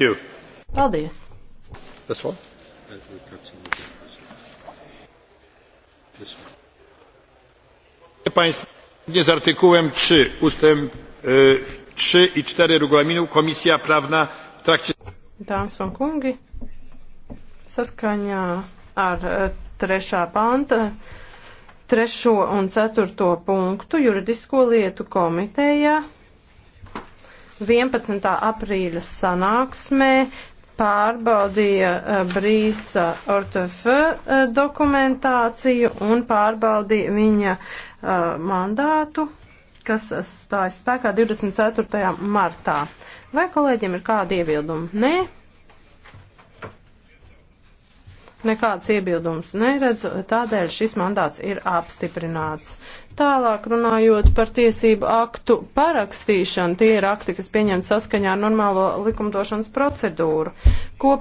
Thank you. Paldies. This one? zgodnie z artykułem trzy ustęp trzy i cztery regulaminu komisja prawna w trakcie. Dāmas un kungi, saskaņā ar e, trešā panta trešo un ceturto punktu juridisko lietu komitejā 11. aprīļa sanāksmē pārbaudīja eh, Brīsa Ortefe eh, dokumentāciju un pārbaudīja viņa eh, mandātu, kas stājas spēkā 24. martā. Vai kolēģiem ir kādi iebildumi? Nē, Nekādas iebildumas neredzu, tādēļ šis mandāts ir apstiprināts. Tālāk runājot par tiesību aktu parakstīšanu, tie ir akti, kas pieņemti saskaņā ar normālo likumdošanas procedūru. Kopi